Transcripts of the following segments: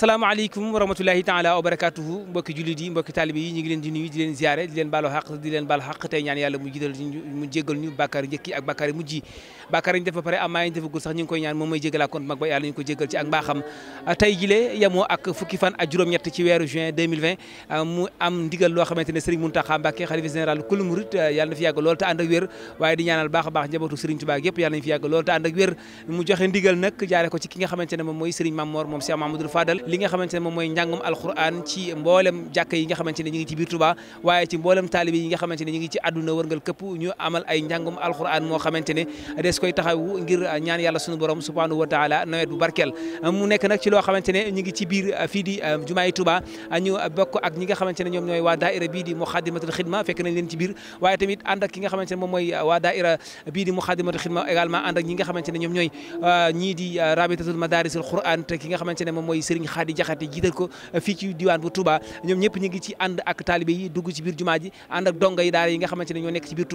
salaamaaleykum wa rahmatulahi taala wa mbokki jullit yi mbokki taalibe yi ñu ngi leen di nuyu di leen ziare di leen baalu xaq di leen yi ak bàkkaar yi mujj yi yi ñu def yi ñu defagul sax ñu ngi koy ñaan moom mooy jégalaa kon mag ba yàlla ñu ko jégal ci ak mbaaxam tey jilee yemoo ak fukki fan ak juróom-ñett ci weeru juin 2020 mu am ndigal loo xamante ne Serigne Mountakha Mbacké xalifa général kul murit yàlla na fi yàgg lool te ànd ak a baax mu joxe ndigal nag jaare ko ci nga xamante ne moom mooy Serigne Mamor li nga xamante ne moom mooy njàngum alquran ci mboolem jàkka yi nga xamante ne ñu ngi ci biir Touba waaye ci mboolem taalibe yi nga xamante ne ñu ngi ñu amal ay njàngum alquran moo xamante ne des koy taxawu ngir ñaan yàlla sunu borom subhanahu wa taala nawet bu barkeel mu nekk nag ci loo xamante ne ñu ngi ci biir uh, fii di uh, jumaay Touba uh, ñu bokk ak ñi nga xamante ne ñoom ñooy waa daaira bii di muxadimatul xidma fekk nañ leen nga xamante ne moom ne ñoom ñooy ñii di rabitatul madarisul quran te ki nga moom Xadi Jaxate jiital ko fii ci diwaan bu Touba ñoom ñëpp ñu ci ànd ak taalibe dugg ci biir jumaa ji ak donga yi nga xamante ne ñoo nekk ci biir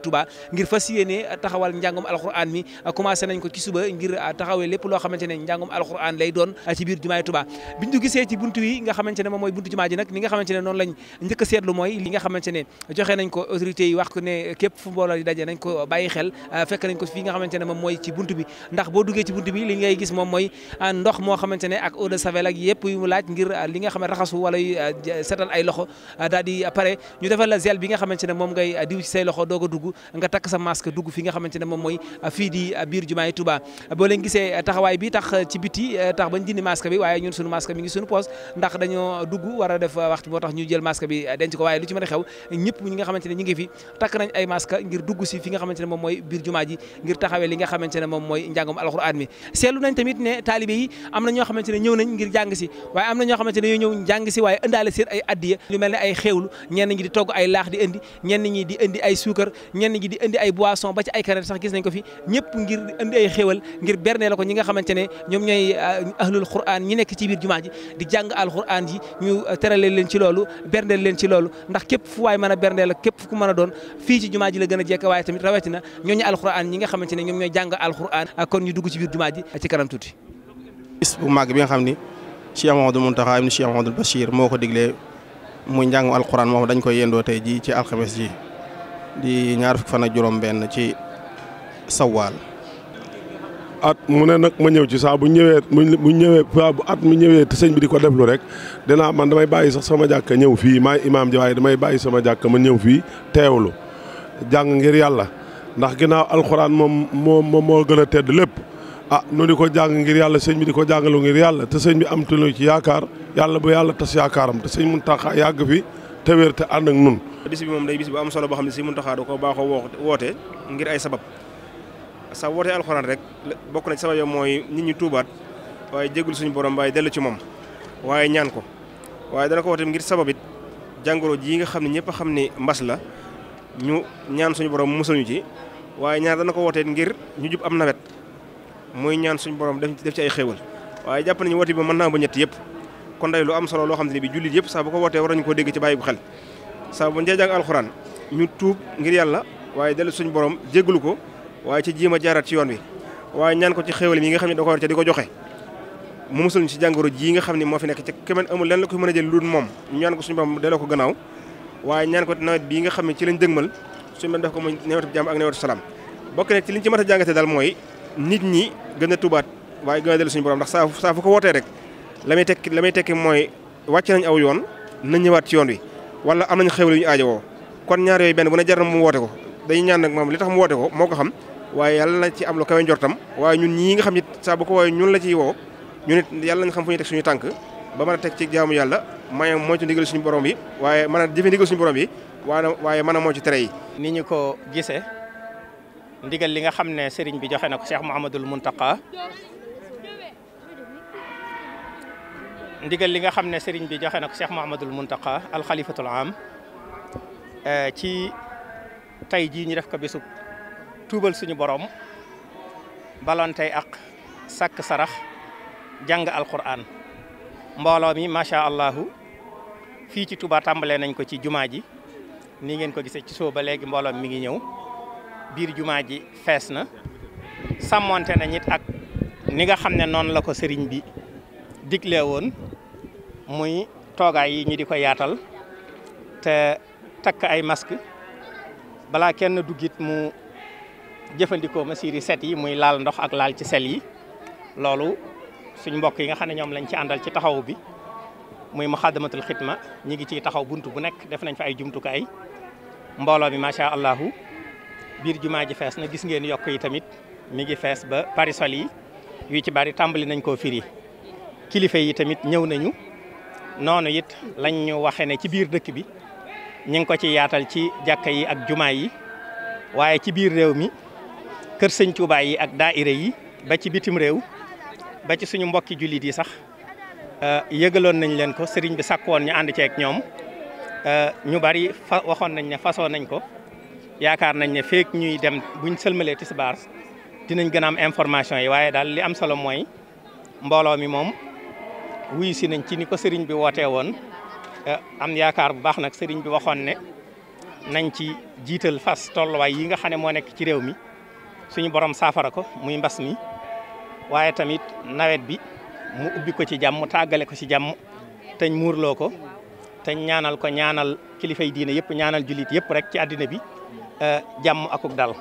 Touba ngir fas yéene taxawal njàngum alxuraan mi commencé nañ ko ci suba ngir taxawee lépp loo xamante ne njàngum alxuraan lay doon ci biir jumaa ji Touba biñ ci buntu yi nga xamante ne moom mooy buntu jumaa ji nag nga xamante ne noonu lañ njëkk a seetlu mooy li nga xamante ne joxe nañ mooy ah, ndox moo xamante ne ak eau de javel ak yëpp yu mu laaj ngir ah, li nga xam ne raxasu wala ah, setal ay loxo daal di ñu defal la gel bi nga xamante moom ngay diw ci say loxo doog a dugg nga takk sa masque dugg fi nga xamante ne moom mooy fii di biir jumaay Touba boo leen gisee taxawaay bi tax ci biti tax bañ dindi masque bi waaye ñun suñu masque mi ngi suñu poos ndax dañoo dugg war def waxtu moo tax ñu jël masque bi denc ko waaye lu ci mën a xew ne ngi fi takk nañ ay masque ngir dugg si fi nga xamante ne moom mooy biir jumaa ji ngir taxawee li nga xamante ne moom mooy njàngum alxuraan ne taalibe yi am na ñoo xamante ne ñëw nañ ngir jàng si waaye am na ñoo xamante ne yoo ñëw jàng si waaye ëndaale seen ay addiya lu mel ne ay ñi di togg ay laax di ñenn ñi di indi ay suukar ñenn ba ay kanet sax gis nañ ko fi ñëpp ngir indi ay xéewal ngir berne la ko ñi nga xamante ne ñoom ñooy euh, ahlul quran ñi nekk ci biir jumaa ji di jàng alquran ji ñu euh, terale leen ci loolu berndeel leen ci loolu ndax képp fu waay mën a berndeel ak képp fu ku mën a doon fii ci jumaa ji la gën a jekk waaye tamit rawatina ñooñu alquran ñi nga xamante ne ñoom ñooy jàng alquran euh, kon ñu dugg ci biir jumaa ci kanam tuuti bis bu màgg bi nga xam ni Cheikh Mouhamadou Mountakha ibn Cheikh Mouhamadou Bachir moo ko diglee muy njàngum alxuraan moom dañ koy yendoo tey jii ci alxames ji di ñaar fukk ci sawaal. at mu ne nag ma ñëw ci saa bu ñëwee bu ñëwee bu at mu ñëwee te sëñ bi di ko deflu rek dinaa man damay bàyyi sax sama jàkka ñëw fii maay imaam waaye damay bàyyi sama jàkka ma ñëw fii teewlu jàng ngir yàlla ndax ginnaaw alxuraan moom moo moo gën a tedd lépp. ah nu di ko jàng ngir yàlla sëñ bi di ko jàngalu ngir yàlla te sëñ bi am tunu ci yaakaar yàlla bu yàlla tas yaakaaram te sëñ Muntaxa yàgg fi te wér te ànd ak nun bis bi moom day bis bu am solo boo xam ne si Muntaxa da ko baaxoo woo woote ngir ay sabab sa wootee alxuraan rek bokk na ci sabab yo mooy nit ñi tuubaat waaye jéggul suñu borom waaye dellu ci moom waaye ñaan ko waaye dana ko woote ngir sabab it jàngoro ji nga xam ne ñëpp a xam ne mbas la ñu ñaan suñu borom musal ci waaye ñaan dana ko wootee ngir ñu jub am nawet muy ñaan suñu borom def ci ay xéewal waaye jàpp nañu woote bi mën naa ba ñett yëpp kon day lu am solo loo xam ne bi jullit yëpp saa bu ko wootee war nañu koo dégg ci bàyyi bu xel saa bu njee alxuraan ñu tuub ngir yàlla waaye dellu suñu borom jéggalu ko waaye ci jiima jaaraat ci yoon wi waaye ñaan ko ci xéewal yi nga xam ne da ko war di ko joxe mu musul ci jàngoro jii nga xam ne moo fi nekk ci kemeen amul lenn la ko mën a jël lu moom ñu ñaan ko suñu borom ko gannaaw waaye ñaan ko nawet bii nga xam ne ci lañ dëgmal suñu borom def ko muy newatu jàmm ak newatu salaam bokk ne ci liñ mën a jàngate daal mooy nit ñi gën a tubaat waaye gën a dellu suñu borom ndax saa saa fu ko wootee rek la muy tekki la mooy wàcce nañ aw yoon na ñëwaat ci yoon wi wala am nañ xewlu yu ñu aajowoo kon ñaar yooyu benn bu ne jar mu woote ko dañuy ñaan nag moom li tax mu woote ko moo ko xam waaye yàlla na ci am lu kawe njortam waaye ñun ñii nga xam it saa bu ko woowee ñun la ciy woo ñun it yàlla nañ xam fu ñuy teg suñu tànk ba mën a teg ci jaamu yàlla maye moo ci ndigal suñu borom bi waaye mën a jëfe ndigal suñu borom bi waaye mën a moo ci tere yi ñu ko gisee ndigal li nga xam ne sëriñ bi joxe na ko Cheikh Mouhamadul Mountakha ndigal li nga xam ne sëriñ bi joxe na ko Cheikh Mouhamadul Mountakha alxalifatul am euh, ci tey jii ñu def ko bésub tuubal suñu borom balontey ak sàkk sarax jàng alquran mbooloo mi macha allahu fii ci Touba tàmbalee nañ ko ci jumaa ji nii ngeen ko gisee ci soo ba léegi mbooloo mi ngi ñëw. biir jumaa ji fees na sàmmonte na ñit ak ni nga xam ne noonu la ko sëriñ bi digle woon muy toogaay yi ñu di ko yaatal te takk ay masque balaa kenn duggit mu jëfandikoo mesures yi set yi muy laal ndox ak laal ci sel yi loolu suñ mbokk yi nga xam ne ñoom lañ ci àndal ci taxaw bi muy muxaddamatul xidma ñi ngi ciy taxaw bunt bu nekk def nañ fa ay jumtukaay mbooloo mi macha allahu biir jumaa ji fees na gis ngeen yokk yi tamit mi ngi fees ba parisol yi yu ci bari tàmbali nañ ko firi kilifa yi tamit ñëw nañu noonu it lañ ñu waxee ne ci biir dëkk bi ñu ngi ko ci yaatal ci jàkka yi ak jumaa yi waaye ci biir réew mi kër sëñ Tuubaa yi ak daayira yi ba ci bitim réew ba ci suñu mbokki jullit yi sax euh, yëgaloon nañ leen ko sëriñ bi sàkk woon ñu ànd ceeg ñoom euh, ñu bari waxoon nañ ne façon nañ ko yaakaar nañ ne feek ñuy dem buñ sëlmalee tisbaar dinañ gën a am information yi waaye daal li am solo mooy mbooloo mi moom wuyu si nañ ci ni ko sëriñ bi wootee woon eh, am yaakaar bu baax nag sëriñ bi waxoon ne nañ ci jiital fas tolluwaay yi nga xam ne moo nekk ci réew mi suñu borom saafara ko muy mbas mi waaye tamit nawet bi mu ubbi ko ci jàmm tàggale ko ci jàmm teñ muurloo ko teñ ñaanal ko ñaanal kilifay diine yëpp ñaanal jullit yëpp rek ci àddina bi jàmm akuk dal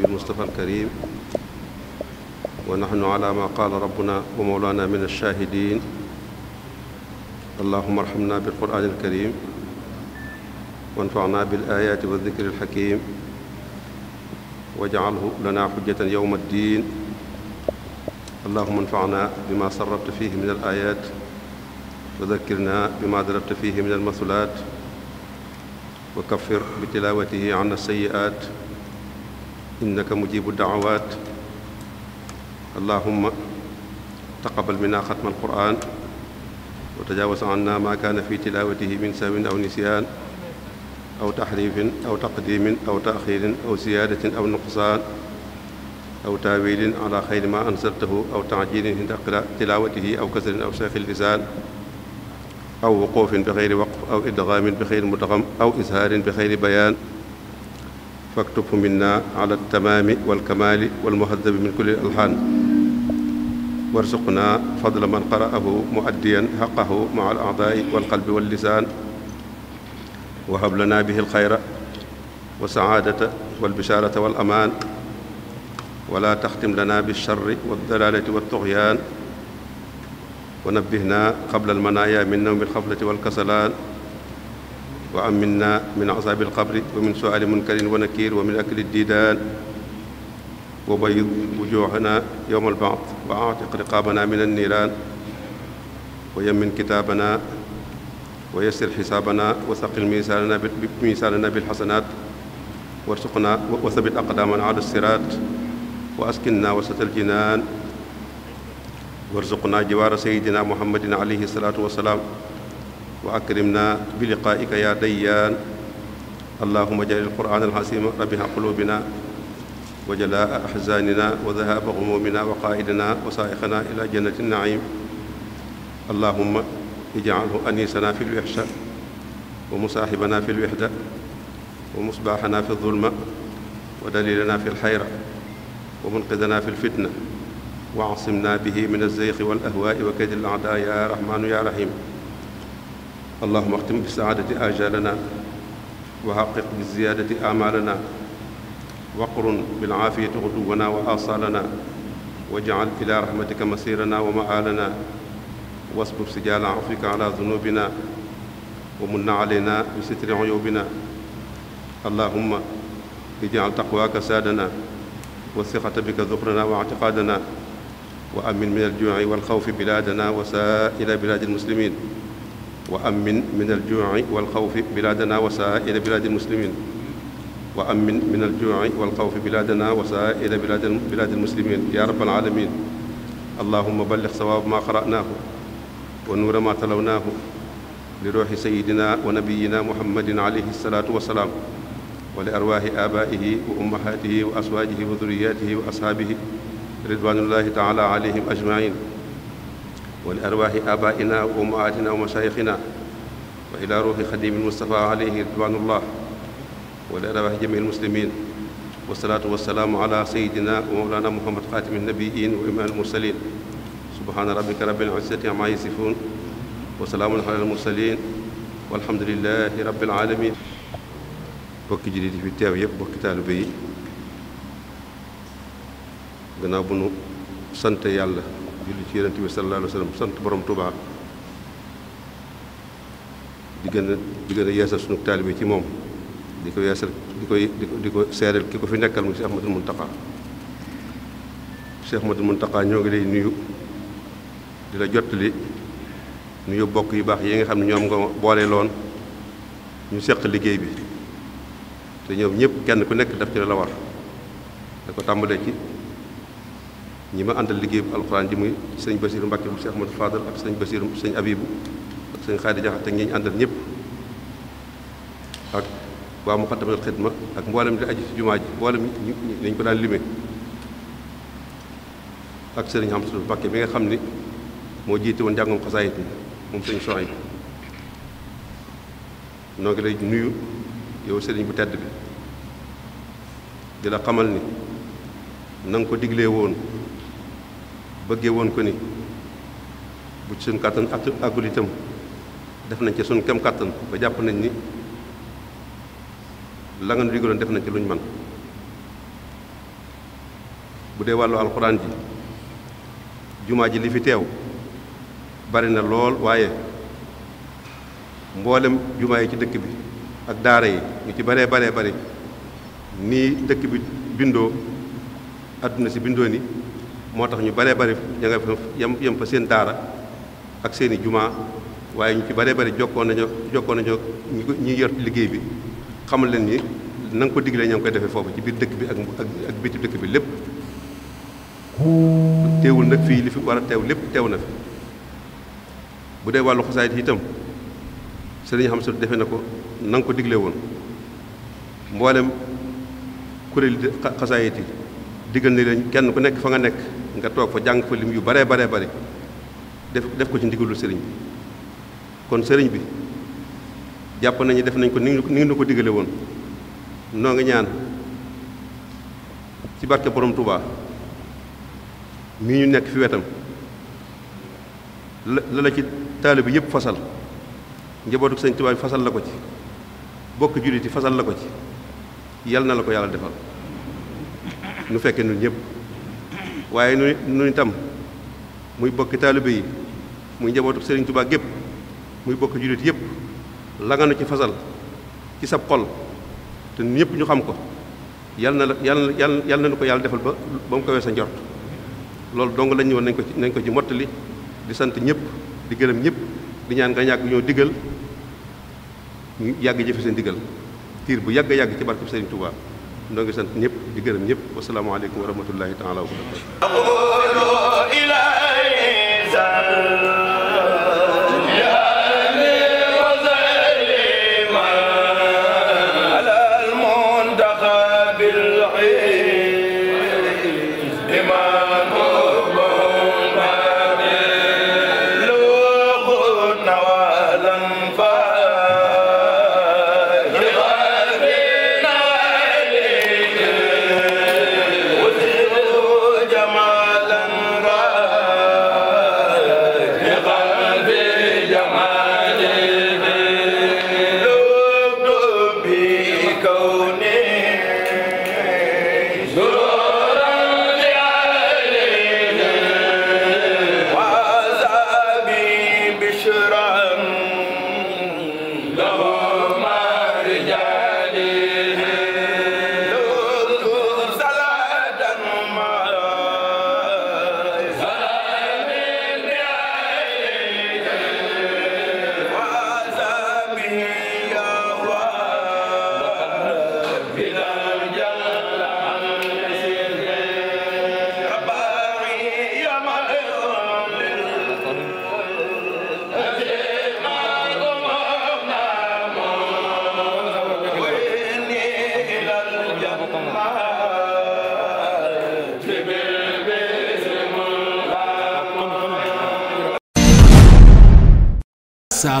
النبي المصطفى الكريم ونحن على ما قال ربنا ومولانا من الشاهدين اللهم ارحمنا بالقرآن الكريم وانفعنا بالآيات والذكر الحكيم واجعله لنا حجة يوم الدين اللهم انفعنا بما صرفت فيه من الآيات وذكرنا بما ضربت فيه من المثلات وكفر بتلاوته عنا السيئات innaka mujibu daawaat allahumma taqabal minna xatma alquran wa tajaawaz anna maa kaana fi tilaawatihi min sawin aw nisyaan aw taxriifin aw taqdiimin aw taaxiirin aw ziyaadatin aw nuqsaan aw taawiilin ala xayri maa anzaltahu aw tajiilin inda tilaawatihi aw kasrin aw seexi lisaan aw wuquufin bi xayri waqf aw idgaamin bi xayri mudgam aw ishaarin bi xayri bayaan faktubhu minna ala tamaami walkamaali walmuhadabi min kulli alxaan warsuqna fadla man qara'ahu muaddiyan xaqahu maa al aadaai walqalbi wallisaan wahab lana bihi alxayra والسعادة والبشارة والأمان ولا تختم لنا بالشر والضلالة والطغيان ونبهنا قبل المنايا من نوم الخفلة والكسلان wa aminna min azabi alqabri wa min suali munkarin wa nakir wa min akli diidaan wa bayd wujuhana yowma albaat wa aatiq riqaabana min anniiraan wa yamin kitaabana wa yassir xisaabana wa saqil miisaanana miisaanana bilxasanaat warsuqna wa sabit aqdaamana ala siraat wa askinna wasata aljinaan warsuqna jiwaara sayidina muhammadin alayhi salaatu wasalaam wa akrimna bi liqaa'ika yaa dayyaan allahuma jal alquraan alxasima rabiha quluubina wa jalaa axzaanina wa dahaaba xumuumina wa qaa'idina wa saa'ixana ila jannati naciim allahuma ijcalhu aniisana fi lwixsha wa musaaxibana fi lwixda wa musbaaxana fi dulma wa daliilana fi lxayra wa munqidana fi lfitna wa asimna bihi min alzeyqi wal ahwaai wa kaydi alacdaa yaa raxmaanu yaa raxiim allahuma axtim bisaadati ajalana wa xaqiq biziyaadati amalana waqrun bilcaafiyati xuduwana wa asalana wajcal ila raxmatika masirana wa maalana wasbub sijaala afika ala zunubina wa munna aleyna bi sitri uyubina allahuma ijcal taqwaaka saadana wa sixata bika zuxrana wa ictiqaadana wa amin min aljuuci walxawfi bilaadana wa saaira bilaadi almuslimin wa amin min aljuuci walxawfi bilaadana wa saaira bilaadi almuslimin wa amin min aljuuci walxawfi bilaadana wa saaira bilaadi almuslimin yaa rabbal alamin allahuma ballig sawaab maa qara'naahu wa nuura maa talawnaahu li ruuxi sayidina wa nabiyina muhammadin alayhi salaatu wa salaam wa li arwaahi aabaa'ihi wa ummahaatihi wa aswaajihi wa durriyaatihi wa ashaabihi ridwaanullahi taala alayhim ajmain ولأرواح آبائنا وأمهاتنا ومشايخنا وإلى روح خديم المصطفى عليه رضوان الله ولأرواح جميع المسلمين والصلاة والسلام على سيدنا ومولانا محمد خاتم النبيين وإمام المرسلين سبحان ربك رب العزة عما يصفون وسلام على المرسلين والحمد لله رب العالمين bokki jullit yi fi teew yëpp bokki taalibe yi gannaaw bu nu sant yàlla julli ci yonent bi sallallahu alayhi wa sallam sant borom Touba di gën a di gën a yeesal sunu taalibe ci moom di ko yeesal di koy di ko seereel ki ko fi nekkal mu Cheikh Ahmadul Muntaqa Cheikh mu Muntaqa ñoo ngi lay nuyu di la li nuyu bokk yu baax yi nga xam ne ñoom nga boole loon ñu seq liggéey bi te ñëw ñëpp kenn ku nekk daf ci la war da ko tàmbalee ci. ñi ma àndal liggéey bu alxuraan ji muy sëñ Basiiru Mbàkke bu Cheikh Ahmadou Fadal ak sañ Basiiru sëñ Abibu ak sëñ Xaadi Jaxate ñi ñu àndal ñëpp ak waa Muqaddamatul Xidma ak mboolem di aji ci jumaa ji mboolem nañ ko daan limee ak sëriñ Amsatu Mbàkke bi nga xam ni moo jiite woon njàngum xasaayit mi moom sëñ Soxay noo ngi nuyu yow sëriñ bu tedd bi di xamal ni na ko digle woon bëggee woon ko ni bu ci suñ kattan ak àggul itam def nañ ci suñ kem kàttan ba jàpp nañ ni la nga nu digaloon def nañ ci luñ man bu dee wàllu alxuraan ji jumaa ji li fi teew bari na lool waaye mboolem jumaa yi ci dëkk bi ak daara yi ñu ci baree baree bari nii dëkk bi bindoo àdduna si bindoo ni moo tax ñu baree bari ña nga fa yem yem seen daara ak seeni jumaa waaye ñu ci baree bari jokkoon nañu jokkoon nañu ñi yor liggéey bi xamul leen ni na ko diglee ñoo ngi koy defee foofu ci biir dëkk bi ak ak biti dëkk bi lépp teewul nag fii li fi war lépp teew na bu dee wàllu xosaayit itam sëriñ xam sa defe na ko na ko diglee woon mboolem kuréel xasaayit yi digal ni leen kenn ku nekk fa nga nekk nga toog fa jàng fa lim yu baree baree bari def def ko ci ndigalul sëriñ bi kon sëriñ bi jàpp nañu def nañ ko ni ngi nu ko digale woon noo ngi ñaan ci barke borom Touba mii ñu nekk fi wetam la la ci taalibe bi yëpp fasal njabootu sëñ Touba bi fasal la ko ci bokk jullit yi fasal la ko ci yal na la ko yàlla defal nu fekkee ñun ñëpp waaye nu nu itam muy bokki taalibe yi muy njabootu Serigne Touba gépp muy bokki jullit yépp la nga nu ci fasal ci sab xol te ñëpp ñu xam ko yàlla na yàlla yàlla yàlla na ko yàlla defal ba ba mu kawee sa njort loolu dong lañ ñëwoon nañ ko ci nañ ko ci mottali di sant ñëpp di gërëm ñëpp di ñaan nga ñàkk ñoo diggal ñu yàgg jëfe seen digal tiir bu yàgg yàgg ci barkeb Serigne Touba. ndoo ngi sant ñëpp di gërëm ñëpp wasalaamaaleykum wa rahmatullahi taala wa barakatu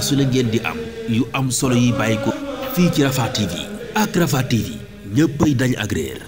saa su ngeen di am yu am solo yi bàyyi ko fii ci Rafah TV ak Rafah TV ñëppay dañ agréer